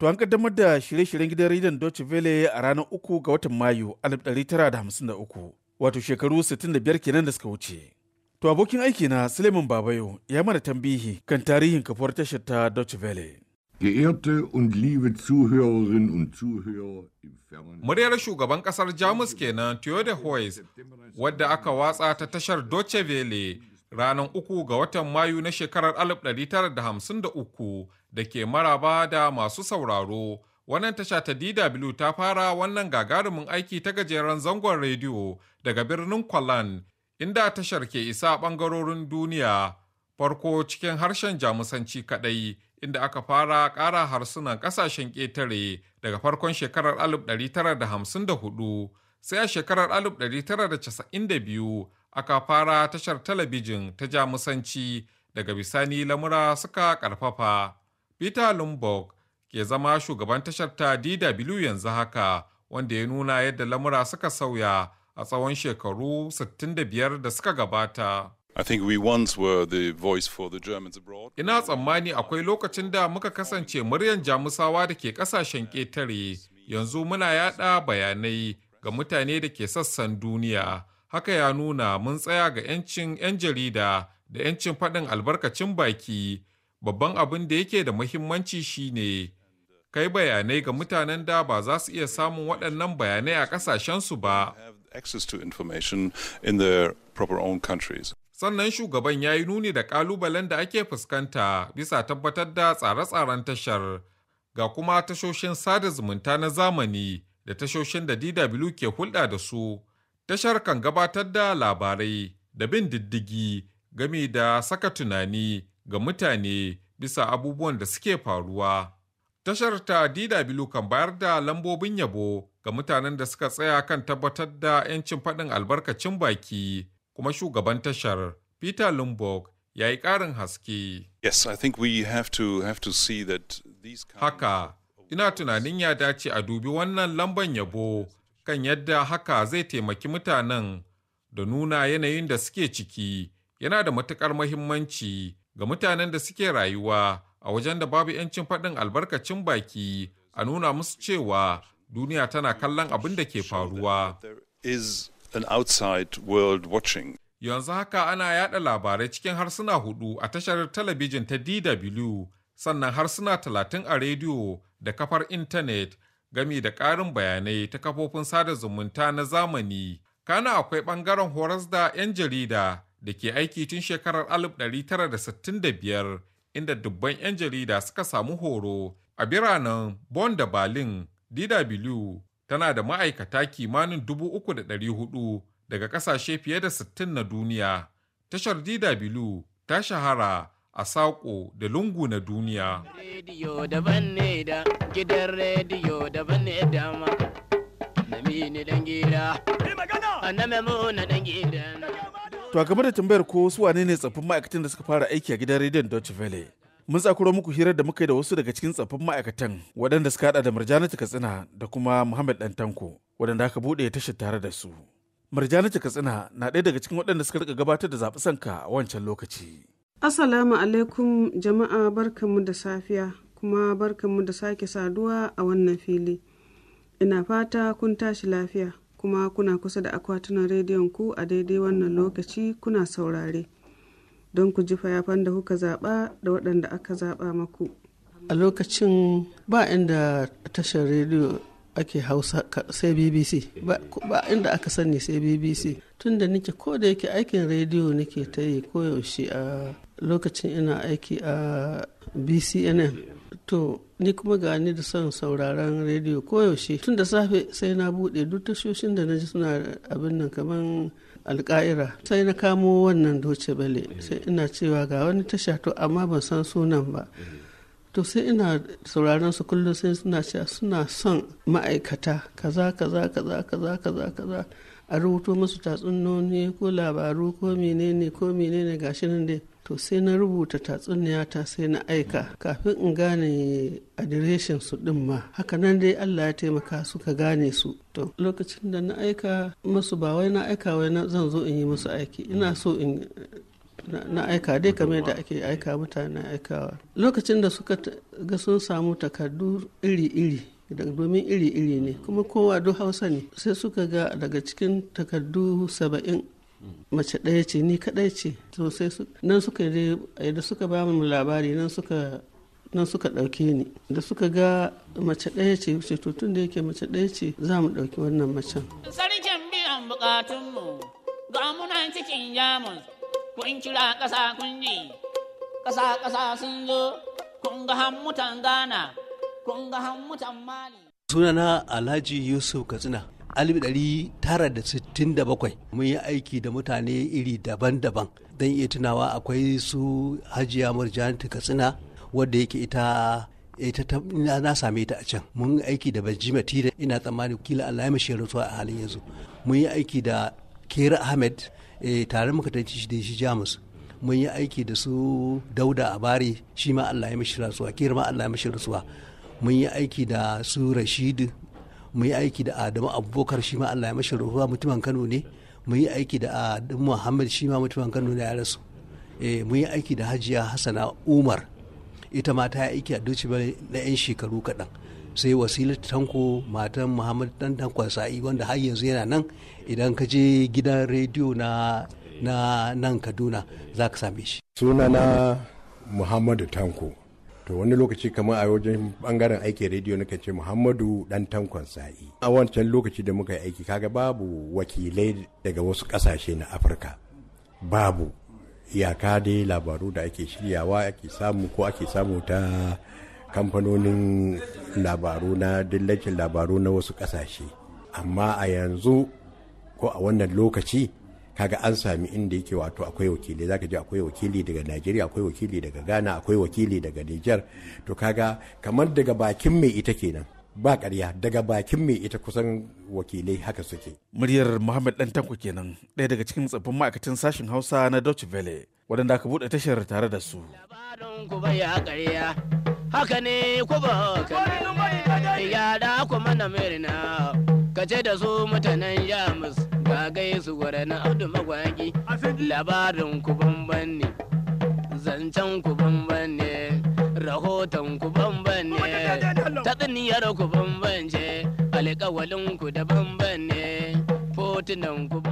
To an kaddamar da shirye-shiryen gidan rediyon Deutsche Welle a ranar uku ga watan Mayu 1953, wato shekaru 65 kenan da suka wuce. To abokin aiki na Suleiman Babayo ya mana tambihi kan tarihin kafuwar tashar ta Deutsche Welle. Geehrte und liebe Zuhörerinnen und Zuhörer Muryar shugaban kasar Jamus kenan Theodor Heuss wadda aka watsa ta tashar Deutsche Welle ranar uku ga watan Mayu na shekarar 1953 da ke maraba da masu sauraro. Wannan tasha ta DW ta fara wannan gagarumin aiki ta gajeren zangon rediyo daga birnin Kwalan, inda tashar ke isa ɓangarorin duniya. Farko cikin harshen Jamusanci kaɗai, inda aka fara ƙara harsunan ƙasashen ƙetare daga farkon shekarar 1954 sai a shekarar 1992 aka fara tashar talabijin ta jamusanci daga bisani lamura suka karfafa peter Lumbok ke zama shugaban tashar ta dw yanzu haka wanda ya nuna yadda lamura suka sauya a tsawon shekaru 65 da suka gabata I think we once were the voice for the Germans abroad. Ina tsammani akwai lokacin da muka kasance muryan jamusawa da ke kasashen ƙetare yanzu muna yada bayanai ga mutane da ke sassan duniya haka ya nuna mun tsaya ga 'yancin 'yan jarida da 'yancin faɗin albarkacin baki babban abin da yake da muhimmanci shine kai bayanai ga mutanen da ba za su iya samun waɗannan bayanai a ƙasashensu ba sannan shugaban ya yi nuni da ƙalubalen da ake fuskanta bisa tabbatar da tsare-tsaren tashar ga kuma tashoshin sada zumunta na zamani da tashoshin da DW ke hulɗa da su Tashar kan gabatar da labarai da bin diddigi game da saka tunani ga mutane bisa abubuwan da suke faruwa. Tashar ta DW kan bayar da lambobin yabo ga mutanen da suka tsaya kan tabbatar da 'yancin faɗin albarkacin baki kuma shugaban tashar Peter Lumburg ya yi ƙarin haske. Yes, I think we have to, have to see that these Haka, ina tunanin ya dace a dubi wannan lamban yabo kan yadda haka zai taimaki mutanen da nuna yanayin da suke ciki yana da matukar mahimmanci ga mutanen da suke rayuwa a wajen da babu 'yancin faɗin albarkacin baki a nuna musu cewa duniya tana kallon abin da ke faruwa. Yanzu haka ana yada labarai cikin harsuna hudu a tashar talabijin ta DW sannan harsuna talatin a rediyo da kafar intanet gami da ƙarin bayanai ta kafofin sada zumunta na zamani. Kana akwai ɓangaren horas da 'yan jarida da ke aiki tun shekarar 1965 inda dubban 'yan jarida suka samu horo a biranen Bon da Berlin DW tana da ma'aikata kimanin 3,400 daga ƙasashe fiye da 60 na duniya. Tashar DW ta shahara a saƙo da lungu na duniya. Rediyo da gidan rediyo game da tambayar ko su wane ne tsaffin ma'aikatan da suka fara aiki a gidan rediyon Deutsche Welle. Mun tsakuro muku hirar da muka yi da wasu daga cikin tsaffin ma'aikatan waɗanda suka haɗa da Murjanatu Katsina da kuma Muhammad Dantanko waɗanda aka buɗe tashar tare da su. Murjanatu Katsina na ɗaya daga cikin waɗanda suka rika gabatar da zaɓi sanka a wancan lokaci. asalamu alaikum jama'a barkanmu da safiya kuma barkanmu da sake saduwa a wannan fili. Ina fata kun tashi lafiya kuma kuna kusa da akwatunan rediyon ku a daidai wannan lokaci kuna saurare. Don ku ji fayafan da kuka zaɓa da waɗanda aka zaɓa maku. A lokacin ba inda tashar rediyo ake hausa sai BBC ba, inda aka sani sai BBC tunda nake ko da yake aikin rediyo nake ta yi koyaushe a lokacin ina aiki a bcnn to ni kuma gani da son sauraron rediyo koyaushe tun da safe sai na bude duk tashoshin da na ji suna abin nan kamar alka'ira sai na kamo wannan doce bale sai ina cewa ga wani tasha to amma ban san sunan ba to sai ina sauraron su kullum sai suna cewa suna son ma'aikata kaza kaza kaza kaza kaza kaza a rubuto masu tatsunoni ko labaru ko menene ko menene gashi nan dai to sai na rubuta tatsuniya sai na aika kafin in gane adireshin su din ma haka nan dai Allah ya taimaka suka gane su to lokacin da na aika musu ba wai na aika wai na zan zo in yi musu aiki ina so in na aika dai kamar da ake aika mutane aikawa lokacin da suka ga sun samu takardu iri-iri domin iri-iri ne kuma kowa duk hausa ne sai suka ga daga cikin takardu saba'in mace ɗaya ce ni kaɗai ce to sai nan suka yi da suka ba mu labari nan suka nan ɗauke ni da suka ga mace ɗaya ce ce to da yake mace ɗaya ce za mu ɗauki wannan macen. sarkin biyan bukatunmu ga cikin jamus kun kira ƙasa kun ji ƙasa ƙasa sun zo kun ga hammutan gana kun ga han mutamma ne sunana alhaji yusuf katsina bakwai, mun yi aiki da mutane iri daban-daban don iya tunawa akwai su hajiya murjanatu katsina wadda yake ita ita ta, na same ta a can mun yi aiki da benjamin tira ina tsammani kila allah ya mashi rantsuwa a halin yanzu mun yi aiki da kera ahmed eh, tare muka tanci shi da shi jamus mun yi aiki da su dauda a Bari, shi ma allah ya mashi rantsuwa kera ma allah ya mashi rantsuwa mun yi aiki da su rashidu mun yi aiki da adamu abubakar shi ma allah ya mashi ruwa mutumin kano ne mun yi aiki da adamu muhammad shi ma mutumin kano ne ya rasu eh, mun yi aiki da hajiya hasana umar ita ma ta yi aiki a duci na 'yan shekaru kaɗan sai wasila tanko matan muhammad dan tanko sa'i wanda har yanzu yana nan idan ka je gidan rediyo na nan kaduna za ka same shi sunana muhammadu tanko to wani lokaci kamar a wajen bangaren aiki rediyo na ce muhammadu dan tankon sa'i a wancan lokaci da muka yi aiki kaga babu wakilai daga wasu kasashe na afirka babu iyaka dai labaru da ake shiryawa ake samu ko ake samu ta kamfanonin labaru na dillacin labaru na wasu kasashe amma a yanzu ko a wannan lokaci kaga an sami inda yake wato akwai wakili zaka je akwai wakili daga Najeriya akwai wakili daga Ghana akwai wakili daga Niger to kaga kamar daga bakin mai ita kenan ba ƙarya daga bakin mai ita kusan wakilai haka suke. Muryar Muhammad Dan Tanko kenan ɗaya daga cikin tsaffin ma'aikatan sashen Hausa na Deutsche Welle waɗanda aka buɗe tashar tare da su. haka ne ku ba ya da ku mana mirna da su mutanen Jamus. gai gaisu gwada na audu magwagi labarin ku bamban ne zancen ku bamban ne rahoton ku bamban ne tatsuniyar ku bamban ce alƙawalin ku da bamban ne fotunan ku